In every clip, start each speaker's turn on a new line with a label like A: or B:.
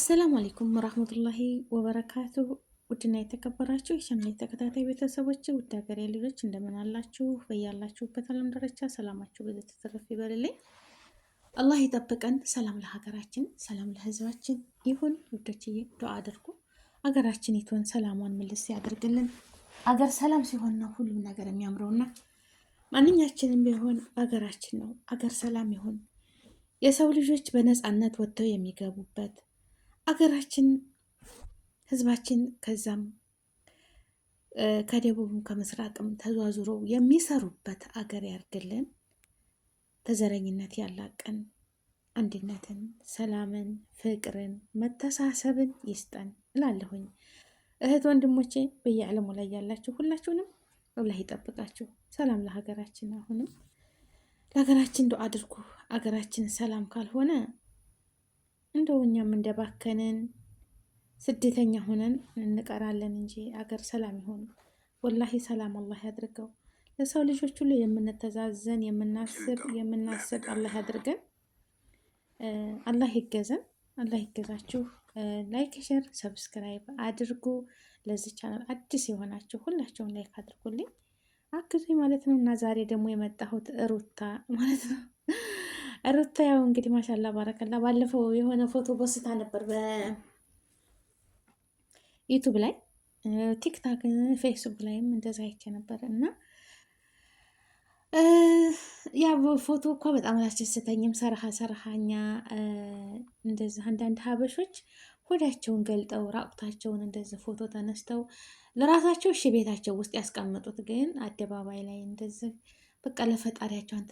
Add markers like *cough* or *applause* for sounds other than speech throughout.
A: አሰላሙ አሌይኩም ወራህመቱላሂ ወበረካቱ። ውድና የተከበራችሁ የቻናል ተከታታይ ቤተሰቦች ውድ ሀገሬ ልጆች እንደምን አላችሁ? በያላችሁበት ዓለም ደረጃ ሰላማችሁ ብዙ ተተረፍ ይበልልኝ። አላህ ይጠብቀን። ሰላም ለሀገራችን፣ ሰላም ለህዝባችን ይሁን። ውዶችዬ ዱዓ አድርጉ። አገራችን ይትሆን ሰላሟን ምልስ ያደርግልን። አገር ሰላም ሲሆን ነው ሁሉም ነገር የሚያምረውና ማንኛችንም ቢሆን አገራችን ነው። አገር ሰላም ይሁን። የሰው ልጆች በነፃነት ወጥተው የሚገቡበት አገራችን ህዝባችን ከዛም ከደቡብም ከምስራቅም ተዟዙሮ የሚሰሩበት አገር ያርግልን። ተዘረኝነት ያላቀን፣ አንድነትን፣ ሰላምን፣ ፍቅርን፣ መተሳሰብን ይስጠን እላለሁኝ። እህት ወንድሞቼ በየዓለሙ ላይ ያላችሁ ሁላችሁንም አላህ ይጠብቃችሁ። ሰላም ለሀገራችን። አሁንም ለሀገራችን ዱዓ አድርጉ። አገራችን ሰላም ካልሆነ እንደው እኛም እንደባከንን ስደተኛ ሆነን እንቀራለን እንጂ አገር ሰላም ይሆን። ወላሂ ሰላም አላህ ያድርገው። ለሰው ልጆች ሁሉ የምንተዛዘን የምናስብ የምናስብ አላህ ያድርገን። አላህ ይገዘን። አላህ ይገዛችሁ። ላይክ፣ ሸር፣ ሰብስክራይብ አድርጉ። ለዚህ ቻናል አዲስ የሆናችሁ ሁላችሁም ላይክ አድርጉልኝ አግዙኝ ማለት ነው። እና ዛሬ ደግሞ የመጣሁት ሩታ ማለት ነው ሩታ ያው እንግዲህ ማሻላ ባረከላ ባለፈው የሆነ ፎቶ በስታ ነበር በዩቱብ ላይ ቲክታክ፣ ፌስቡክ ላይም እንደዛ አይቼ ነበር እና ያ ፎቶ እኮ በጣም አላስደሰተኝም። ሰረሃ ሰረሃኛ እንደዚህ አንዳንድ ሀበሾች ሆዳቸውን ገልጠው ራቁታቸውን እንደዚህ ፎቶ ተነስተው ለራሳቸው እሺ ቤታቸው ውስጥ ያስቀምጡት፣ ግን አደባባይ ላይ እንደዚህ በቃ ለፈጣሪያቸው አንተ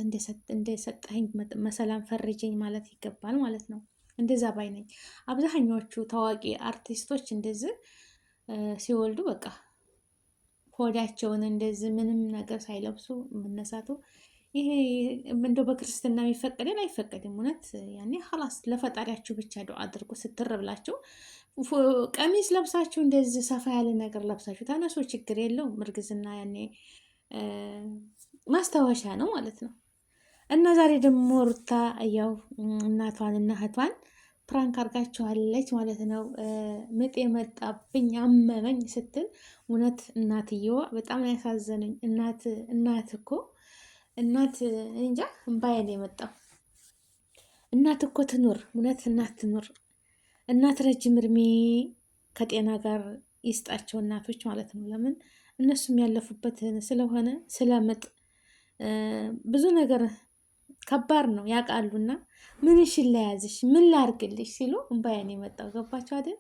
A: እንደሰጠኝ መሰላም ፈርጀኝ ማለት ይገባል ማለት ነው። እንደዛ ባይ ነኝ። አብዛኛዎቹ ታዋቂ አርቲስቶች እንደዚህ ሲወልዱ በቃ ሆዳቸውን እንደዚህ ምንም ነገር ሳይለብሱ መነሳቱ ይሄ እንደው በክርስትና የሚፈቀድን አይፈቀድም። እውነት ያኔ ላስ ለፈጣሪያችሁ ብቻ ዶ አድርጎ ስትር ብላችሁ ቀሚስ ለብሳችሁ እንደዚህ ሰፋ ያለ ነገር ለብሳችሁ ተነሱ፣ ችግር የለውም። እርግዝና ያኔ ማስታወሻ ነው ማለት ነው። እና ዛሬ ደግሞ ሩታ ያው እናቷን እና እህቷን ፕራንክ አርጋችኋለች ማለት ነው። ምጥ የመጣብኝ አመመኝ ስትል እውነት እናትየዋ በጣም ያሳዘነኝ እናት እናት እኮ እናት እንጃ እምባዬን የመጣው እናት እኮ ትኑር፣ እውነት እናት ትኑር። እናት ረጅም እድሜ ከጤና ጋር ይስጣቸው እናቶች ማለት ነው። ለምን እነሱም ያለፉበት ስለሆነ ስለምጥ ብዙ ነገር ከባድ ነው ያውቃሉና፣ ምንሽን ለያዝሽ ምን ላርግልሽ ሲሉ እምባያን የመጣው ገባችሁ አይደል?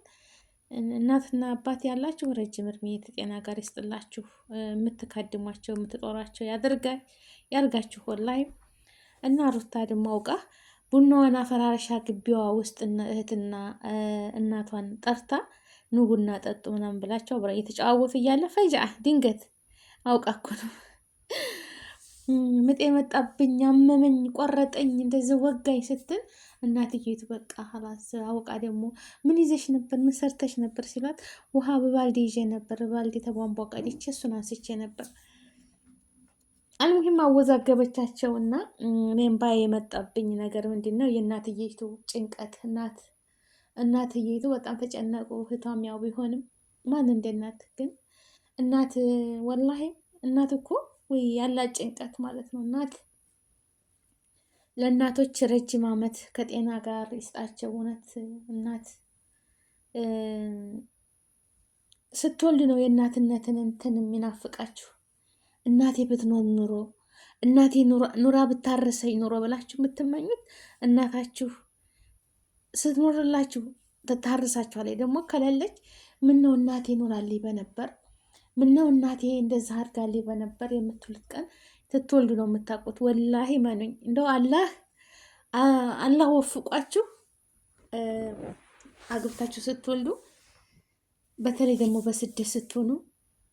A: እናትና አባት ያላችሁ ረጅም እድሜ የተጤና ጋር ይስጥላችሁ። የምትካድሟቸው የምትጦራቸው ያርጋችሁ። ወላይ እና ሩታ ድማ አውቃ ቡናዋን አፈራረሻ ግቢዋ ውስጥ እህትና እናቷን ጠርታ ኑ ቡና ጠጡ ምናምን ብላቸው ብራ እየተጫዋወቱ እያለ ፈጃ ድንገት አውቃ እኮ ነው ምጥ የመጣብኝ አመመኝ፣ ቆረጠኝ፣ እንደዚ ወጋኝ ስትል እናትዬቱ በቃ ሀላስ አውቃ ደግሞ ምን ይዘሽ ነበር ምን ሰርተሽ ነበር ሲላት ውሃ በባልዴ ይዤ ነበር፣ በባልዴ ተቧንቧ ቀድቼ እሱን አንስቼ ነበር። አልሙሂም አወዛገበቻቸው እና እኔም ባ የመጣብኝ ነገር ምንድን ነው የእናትየቱ ጭንቀት እናት እናትየቱ በጣም ተጨነቁ። እህቷም ያው ቢሆንም ማን እንደ እናት ግን እናት ወላሂ እናት እኮ ወይ ያላት ጭንቀት ማለት ነው። እናት ለእናቶች ረጅም ዓመት ከጤና ጋር ይስጣቸው። እውነት እናት ስትወልድ ነው የእናትነትን እንትን የሚናፍቃችሁ። እናቴ ብትኖር ኑሮ እናቴ ኑራ ብታረሰኝ ኑሮ ብላችሁ የምትመኙት እናታችሁ ስትኖርላችሁ ታርሳችኋል። ደግሞ ከሌለች ምን ነው እናቴ ኑራልኝ በነበር ምነው እናቴ እንደዛ አርጋሌ በነበር የምትሉት ቀን ትትወልዱ ነው የምታውቁት። ወላሂ መኑኝ እንደው አላህ አላህ ወፍቋችሁ አግብታችሁ ስትወልዱ፣ በተለይ ደግሞ በስደት ስትሆኑ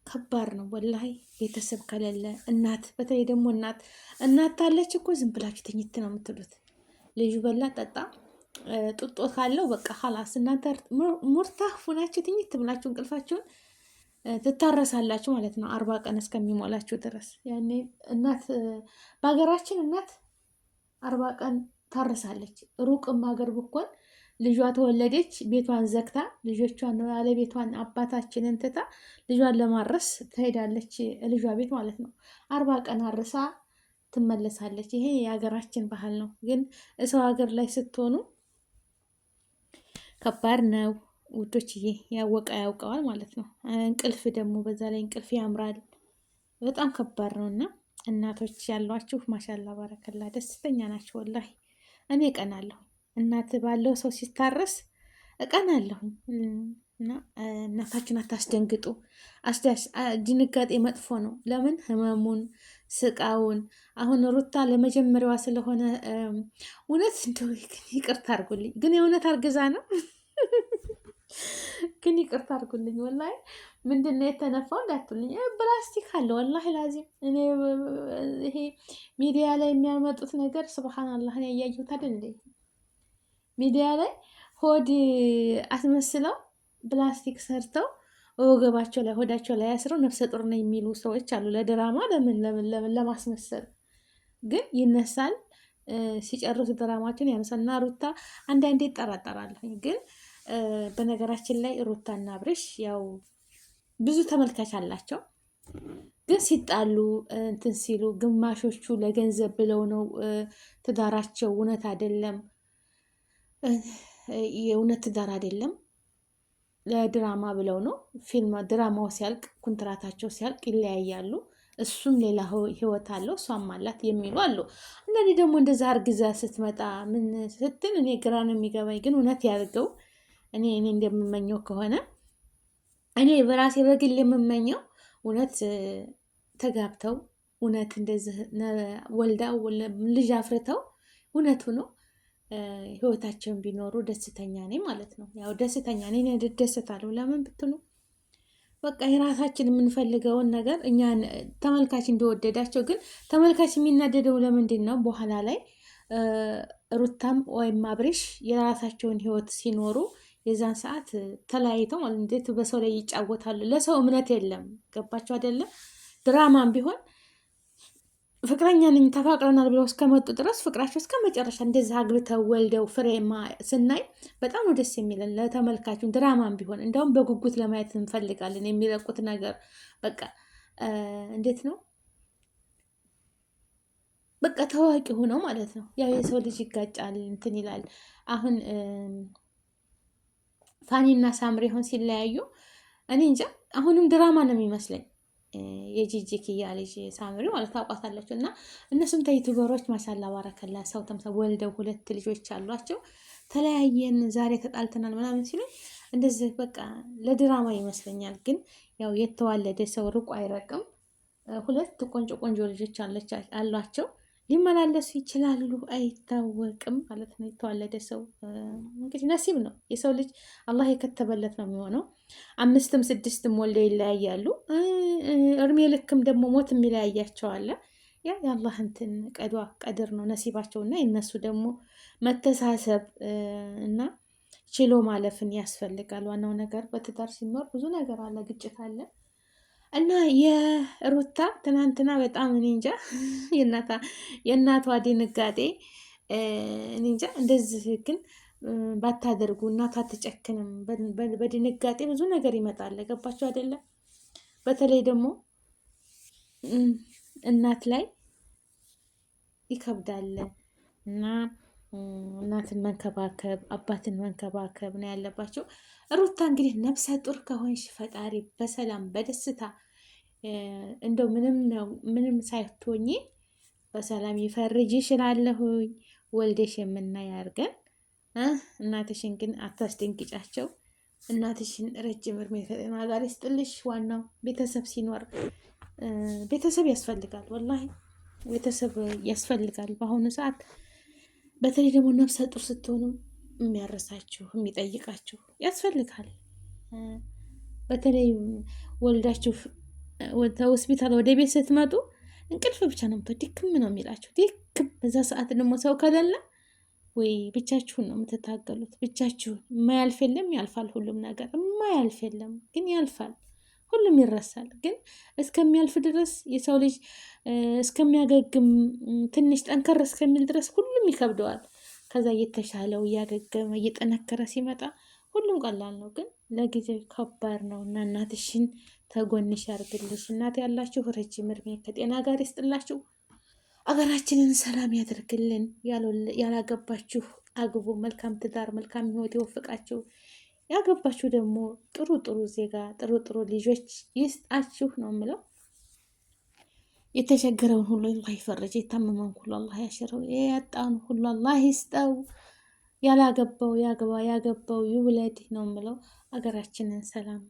A: ከባድ ነው ወላሂ። ቤተሰብ ከሌለ እናት፣ በተለይ ደግሞ እናት እናት ታለች እኮ ዝም ብላችሁ ትኝት ነው የምትሉት። ልዩ በላ ጠጣ ጡጦ ካለው በቃ ሀላስ እናንተ ሙርታ ሆናችሁ ትኝት ብላችሁ እንቅልፋችሁን ትታረሳላችሁ ማለት ነው። አርባ ቀን እስከሚሞላችሁ ድረስ ያኔ እናት በሀገራችን እናት አርባ ቀን ታርሳለች። ሩቅም ሀገር ብኮን ልጇ ተወለደች ቤቷን ዘግታ ልጆቿን ነው ያለ ቤቷን አባታችንን ትታ ልጇን ለማድረስ ትሄዳለች ልጇ ቤት ማለት ነው። አርባ ቀን አርሳ ትመለሳለች። ይሄ የሀገራችን ባህል ነው። ግን እሰው ሀገር ላይ ስትሆኑ ከባድ ነው። ውዶችዬ ያወቀ ያውቀዋል ማለት ነው። እንቅልፍ ደግሞ በዛ ላይ እንቅልፍ ያምራል። በጣም ከባድ ነው እና እናቶች ያሏችሁ ማሻላ ባረከላ ደስተኛ ናቸው። ወላሂ እኔ እቀናለሁ። እናት ባለው ሰው ሲታረስ እቀናለሁ። እና እናታችን አታስደንግጡ። ድንጋጤ መጥፎ ነው። ለምን ህመሙን ስቃውን አሁን ሩታ ለመጀመሪያዋ ስለሆነ እውነት እንደ ይቅርታ አድርጉልኝ፣ ግን የእውነት አርግዛ ነው ግን ይቅርታ አድርጉልኝ። ወላሂ ምንድን ነው የተነፋው እንዳትሉኝ፣ ፕላስቲክ አለ ወላሂ ላዚም። እኔ ይሄ ሚዲያ ላይ የሚያመጡት ነገር ስብሓንላህ ያያየሁት አይደል እንዴ? ሚዲያ ላይ ሆድ አስመስለው ፕላስቲክ ሰርተው ወገባቸው ላይ ሆዳቸው ላይ አስረው ነፍሰ ጡር ነው የሚሉ ሰዎች አሉ። ለድራማ ለምን ለምን ለምን ለማስመሰል ግን ይነሳል። ሲጨርሱ ድራማችን ያነሳና ሩታ አንዳንዴ ይጠራጠራለሁ ግን በነገራችን ላይ ሩታና አብርሽ ያው ብዙ ተመልካች አላቸው፣ ግን ሲጣሉ እንትን ሲሉ ግማሾቹ ለገንዘብ ብለው ነው ትዳራቸው እውነት አይደለም፣ የእውነት ትዳር አይደለም ለድራማ ብለው ነው። ፊልም ድራማው ሲያልቅ ኩንትራታቸው ሲያልቅ ይለያያሉ። እሱም ሌላ ህይወት አለው እሷም አላት የሚሉ አሉ። አንዳንዴ ደግሞ እንደዛ አርግዛ ስትመጣ ምን ስትል እኔ ግራ ነው የሚገባኝ። ግን እውነት ያድርገው እኔ እኔ እንደምመኘው ከሆነ እኔ በራሴ በግል የምመኘው እውነት ተጋብተው እውነት እንደዚህ ወልዳው ልጅ አፍርተው እውነቱ ነው ህይወታቸውን ቢኖሩ ደስተኛ ነኝ ማለት ነው። ያው ደስተኛ ነኝ ደስታለሁ። ለምን ብትሉ በቃ የራሳችን የምንፈልገውን ነገር እኛ ተመልካች እንደወደዳቸው። ግን ተመልካች የሚናደደው ለምንድን ነው? በኋላ ላይ ሩታም ወይም አብሬሽ የራሳቸውን ህይወት ሲኖሩ የዛን ሰዓት ተለያይተው እንዴት በሰው ላይ ይጫወታሉ? ለሰው እምነት የለም። ገባቸው አይደለም? ድራማም ቢሆን ፍቅረኛ ነኝ ተፋቅረናል ብለው እስከመጡ ድረስ ፍቅራቸው እስከ መጨረሻ እንደዛ አግብተው ወልደው ፍሬማ ስናይ በጣም ነው ደስ የሚለን ለተመልካቹ ድራማም ቢሆን እንደውም በጉጉት ለማየት እንፈልጋለን። የሚለቁት ነገር በቃ እንዴት ነው በቃ ታዋቂ ሆነው ማለት ነው። ያው የሰው ልጅ ይጋጫል፣ እንትን ይላል አሁን ፋኒና ሳምሪ ሆን ሲለያዩ እኔ እንጃ አሁንም ድራማ ነው የሚመስለኝ። የጂጂ ክያ ልጅ ሳምሪ ማለት ታውቋታለች። እና እነሱም ተዩቱበሮች ማሻላ ባረከላ ሰው ተምሰ ወልደው ሁለት ልጆች አሏቸው። ተለያየን ዛሬ ተጣልተናል ምናምን ሲሉ እንደዚህ በቃ ለድራማ ይመስለኛል። ግን ያው የተዋለደ ሰው ርቆ አይረቅም። ሁለት ቆንጆ ቆንጆ ልጆች አሏቸው። ሊመላለሱ ይችላሉ፣ አይታወቅም ማለት ነው። የተዋለደ ሰው እንግዲህ ነሲብ ነው። የሰው ልጅ አላህ የከተበለት ነው የሚሆነው። አምስትም ስድስትም ወልደ ይለያያሉ። እድሜ ልክም ደግሞ ሞት የሚለያያቸው አለ። ያ የአላህ እንትን ቀዷ ቀድር ነው ነሲባቸው እና የነሱ ደግሞ መተሳሰብ እና ችሎ ማለፍን ያስፈልጋል። ዋናው ነገር በትዳር ሲኖር ብዙ ነገር አለ፣ ግጭት አለ እና የሩታ ትናንትና በጣም ኒንጃ *laughs* የእናቷ ድንጋጤ ኒንጃ። እንደዚህ ግን ባታደርጉ እናቷ አትጨክንም። በድንጋጤ ብዙ ነገር ይመጣል። ገባችሁ አይደለም? በተለይ ደግሞ እናት ላይ ይከብዳል እና እናትን መንከባከብ፣ አባትን መንከባከብ ነው ያለባቸው። ሩታ እንግዲህ ነፍሰ ጡር ከሆንሽ ፈጣሪ በሰላም በደስታ እንደው ምንም ነው ምንም ሳይቶኝ በሰላም ይፈርጅ ይችላለሁኝ። ወልደሽ የምናይ አድርገን። እናትሽን ግን አታስደንግጫቸው። እናትሽን ረጅም እርሜ ፈጣሪ ጋር ይስጥልሽ። ዋናው ቤተሰብ ሲኖር ቤተሰብ ያስፈልጋል፣ ወላሂ ቤተሰብ ያስፈልጋል በአሁኑ ሰዓት በተለይ ደግሞ ነፍሰ ጡር ስትሆኑ የሚያረሳችሁ የሚጠይቃችሁ ያስፈልጋል። በተለይ ወልዳችሁ ሆስፒታል ወደ ቤት ስትመጡ እንቅልፍ ብቻ ነው ምቶ ድክም ነው የሚላችሁ ድክም። በዛ ሰዓት ደግሞ ሰው ከሌለ ወይ ብቻችሁን ነው የምትታገሉት፣ ብቻችሁን። የማያልፍ የለም ያልፋል፣ ሁሉም ነገር የማያልፍ የለም ግን ያልፋል። ሁሉም ይረሳል። ግን እስከሚያልፍ ድረስ የሰው ልጅ እስከሚያገግም ትንሽ ጠንከር እስከሚል ድረስ ሁሉም ይከብደዋል። ከዛ እየተሻለው እያገገመ እየጠነከረ ሲመጣ ሁሉም ቀላል ነው። ግን ለጊዜው ከባድ ነው እና እናትሽን ተጎንሽ ያርግልሽ። እናት ያላችሁ ረጅም እድሜ ከጤና ጋር ይስጥላችሁ። አገራችንን ሰላም ያደርግልን። ያላገባችሁ አግቡ። መልካም ትዳር፣ መልካም ህይወት ይወፍቃችሁ። ያገባችሁ ደግሞ ጥሩ ጥሩ ዜጋ ጥሩ ጥሩ ልጆች ይስጣችሁ ነው የምለው። የተቸገረውን ሁሉ አላህ ይፈረጅ፣ የታመመውን ሁሉ አላህ ያሽረው፣ ያጣውን ሁሉ አላህ ይስጠው። ያላገባው ያግባ፣ ያገባው ይውለድ ነው የምለው። አገራችንን ሰላም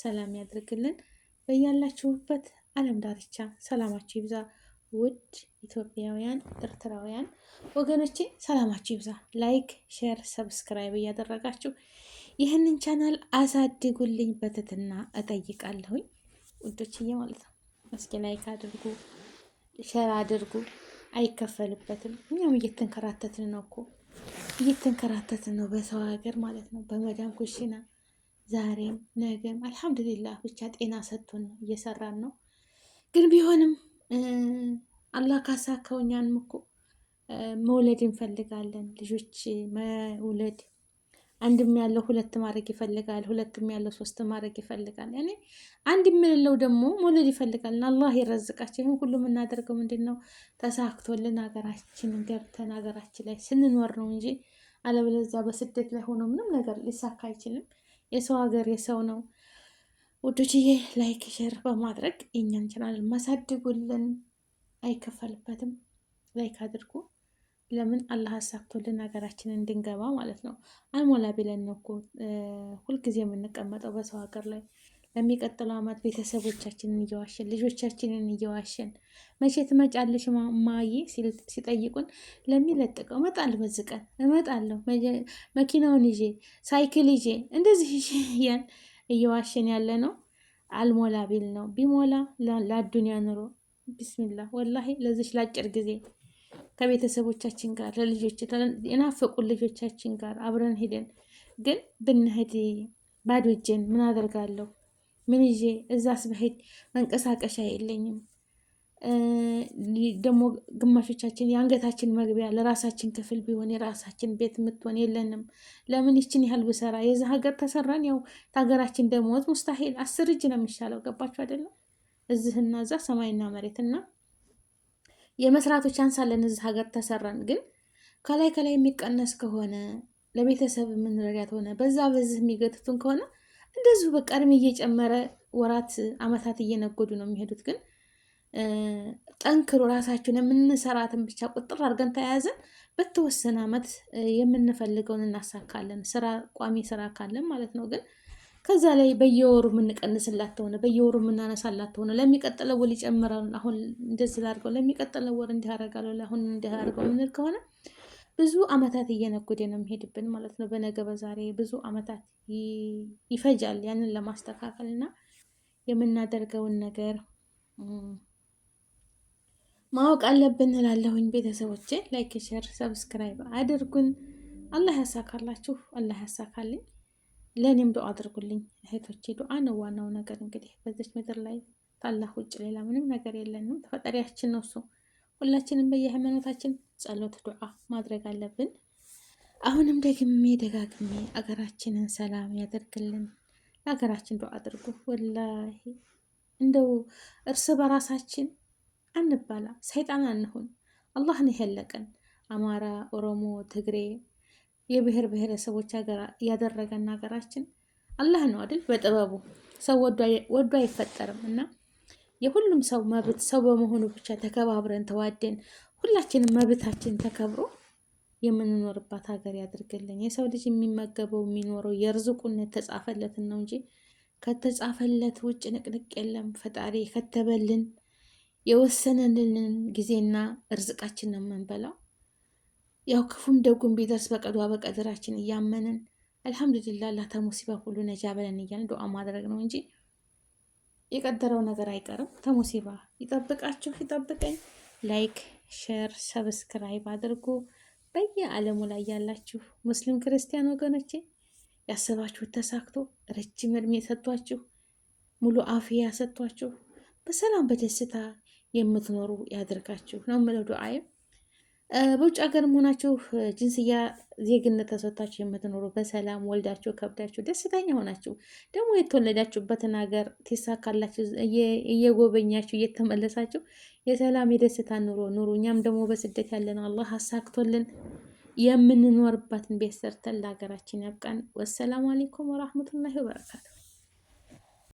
A: ሰላም ያድርግልን። በያላችሁበት ዓለም ዳርቻ ሰላማችሁ ይብዛ። ውድ ኢትዮጵያውያን ኤርትራውያን ወገኖቼ ሰላማችሁ ይብዛ። ላይክ፣ ሼር፣ ሰብስክራይብ እያደረጋችሁ ይህንን ቻናል አሳድጉልኝ በትትና እጠይቃለሁኝ ውዶችዬ ማለት ነው። እስኪ ላይክ አድርጉ፣ ሸር አድርጉ። አይከፈልበትም። እኛም እየተንከራተትን ነው እኮ እየተንከራተትን ነው በሰው ሀገር ማለት ነው በመዳም ኩሽና ዛሬም ነገም አልሐምዱሊላ ብቻ ጤና ሰጥቶን ነው እየሰራን ነው። ግን ቢሆንም አላህ ካሳካው እኛንም እኮ መውለድ እንፈልጋለን። ልጆች መውለድ አንድም ያለው ሁለት ማድረግ ይፈልጋል፣ ሁለትም ያለው ሶስት ማድረግ ይፈልጋል። እኔ አንድ የምንለው ደግሞ መውለድ ይፈልጋል። አላህ የረዝቃችን ይህን ሁሉ የምናደርገው ምንድን ነው ተሳክቶልን ሀገራችን ገብተን ሀገራችን ላይ ስንኖር ነው እንጂ አለበለዚያ በስደት ላይ ሆኖ ምንም ነገር ሊሳካ አይችልም። የሰው ሀገር የሰው ነው። ውዶችዬ ላይክ ሼር በማድረግ የእኛን ቻናል ማሳድጉልን፣ አይከፈልበትም። ላይክ አድርጉ። ለምን አላህ አሳክቶልን ሀገራችንን እንድንገባ ማለት ነው። አልሞላ ቢለን ነው እኮ ሁልጊዜ የምንቀመጠው በሰው ሀገር ላይ ለሚቀጥለው ዓመት ቤተሰቦቻችንን እየዋሸን ልጆቻችንን እየዋሸን መቼ ትመጫለሽ ማዬ ሲጠይቁን ለሚለጥቀው እመጣለሁ፣ በዚህ ቀን እመጣለሁ፣ መኪናውን ይዤ ሳይክል ይዤ እንደዚህ ያን እየዋሸን ያለ ነው። አልሞላ ቢል ነው። ቢሞላ ለአዱኒያ ኑሮ ቢስሚላ ወላሂ ለዚች ለአጭር ጊዜ ከቤተሰቦቻችን ጋር ለልጆች የናፈቁን ልጆቻችን ጋር አብረን ሄደን ግን ብንሄድ ባዶ እጄን ምን አደርጋለሁ? ምን ይዤ እዛስ በሄድ መንቀሳቀሻ የለኝም። ደግሞ ግማሾቻችን የአንገታችን መግቢያ ለራሳችን ክፍል ቢሆን የራሳችን ቤት የምትሆን የለንም። ለምን ይችን ያህል ብሰራ የዚ ሀገር ተሰራን ያው ሀገራችን ደሞዝ ሙስታሂል አስር እጅ ነው የሚሻለው። ገባችሁ አይደለም? እዚህና እዛ ሰማይና መሬት እና የመስራቱ ቻንስ አለን እዚህ ሀገር ተሰራን። ግን ከላይ ከላይ የሚቀነስ ከሆነ ለቤተሰብ የምንረዳት ሆነ በዛ በዚህ የሚገትቱን ከሆነ እንደዚሁ በቃ እድሜ እየጨመረ ወራት አመታት እየነጎዱ ነው የሚሄዱት። ግን ጠንክሮ ራሳችሁን የምንሰራትን ብቻ ቁጥር አድርገን ተያያዘን በተወሰነ አመት የምንፈልገውን እናሳካለን። ስራ ቋሚ ስራ ካለን ማለት ነው ግን ከዛ ላይ በየወሩ የምንቀንስላት ሆነ በየወሩ የምናነሳላት ሆነ ለሚቀጥለው ወር ይጨምራል። አሁን እንደዚህ ላድርገው፣ ለሚቀጥለው ወር እንዲህ አደርጋለሁ፣ ለአሁን እንዲህ አደርገው የምንል ከሆነ ብዙ አመታት እየነጎደ ነው የሚሄድብን ማለት ነው። በነገ በዛሬ ብዙ አመታት ይፈጃል ያንን ለማስተካከል እና የምናደርገውን ነገር ማወቅ አለብን እላለሁኝ። ቤተሰቦቼ ላይክ፣ ሸር፣ ሰብስክራይብ አድርጉን። አላህ ያሳካላችሁ፣ አላህ ያሳካልኝ። ለእኔም ዱዓ አድርጉልኝ እህቶቼ። ዱዓ ነው ዋናው ነገር። እንግዲህ በዚች ምድር ላይ ታላህ ውጭ ሌላ ምንም ነገር የለንም። ተፈጣሪያችን ነው እሱ። ሁላችንም በየሃይማኖታችን ጸሎት፣ ዱዓ ማድረግ አለብን። አሁንም ደግሜ ደጋግሜ አገራችንን ሰላም ያደርግልን። ለሀገራችን ዱዓ አድርጉ። ወላሂ እንደው እርስ በራሳችን አንባላ፣ ሰይጣን አንሁን። አላህን የለቀን። አማራ፣ ኦሮሞ፣ ትግሬ የብሔር ብሔረሰቦች ያደረገን ሀገራችን አላህ ነው አይደል? በጥበቡ ሰው ወዶ አይፈጠርም እና የሁሉም ሰው መብት ሰው በመሆኑ ብቻ ተከባብረን ተዋደን ሁላችንም መብታችን ተከብሮ የምንኖርባት ሀገር ያድርግልን። የሰው ልጅ የሚመገበው የሚኖረው የርዝቁነት ተጻፈለትን ነው እንጂ ከተጻፈለት ውጭ ንቅንቅ የለም። ፈጣሪ ከተበልን የወሰነልንን ጊዜና እርዝቃችን ነው የምንበላው። ያው ክፉም ደጉም ቢደርስ በቀዷ በቀድራችን እያመንን አልሐምዱሊላ አላህ ተሙሲባ ሁሉ ነጃ በለን እያልን ዱዓ ማድረግ ነው እንጂ የቀደረው ነገር አይቀርም። ተሙሲባ ይጠብቃችሁ፣ ይጠብቀኝ። ላይክ፣ ሼር፣ ሰብስክራይብ አድርጉ። በየዓለሙ ላይ ያላችሁ ሙስሊም ክርስቲያን ወገኖቼ ያሰባችሁ ተሳክቶ ረጅም እድሜ ሰጥቷችሁ ሙሉ አፍያ ሰጥቷችሁ በሰላም በደስታ የምትኖሩ ያደርጋችሁ ነው የምለው ዱዓይም በውጭ ሀገር መሆናችሁ ጅንስያ ዜግነት ተሰጥቷችሁ የምትኖሩ በሰላም ወልዳችሁ ከብዳችሁ ደስተኛ ሆናችሁ ደግሞ የተወለዳችሁበትን ሀገር ትሳካላችሁ እየጎበኛችሁ እየተመለሳችሁ የሰላም የደስታ ኑሮ ኑሩ። እኛም ደግሞ በስደት ያለን አላህ አሳክቶልን የምንኖርባትን ቤት ሰርተን ለሀገራችን ያብቃን። ወሰላሙ አሌይኩም ወራህመቱላሂ ወበረካቱ።